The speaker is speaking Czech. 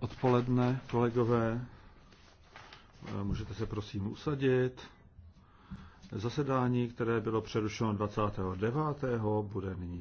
odpoledne, kolegové. Eh, můžete se prosím usadit. Zasedání, které bylo přerušeno 29. bude nyní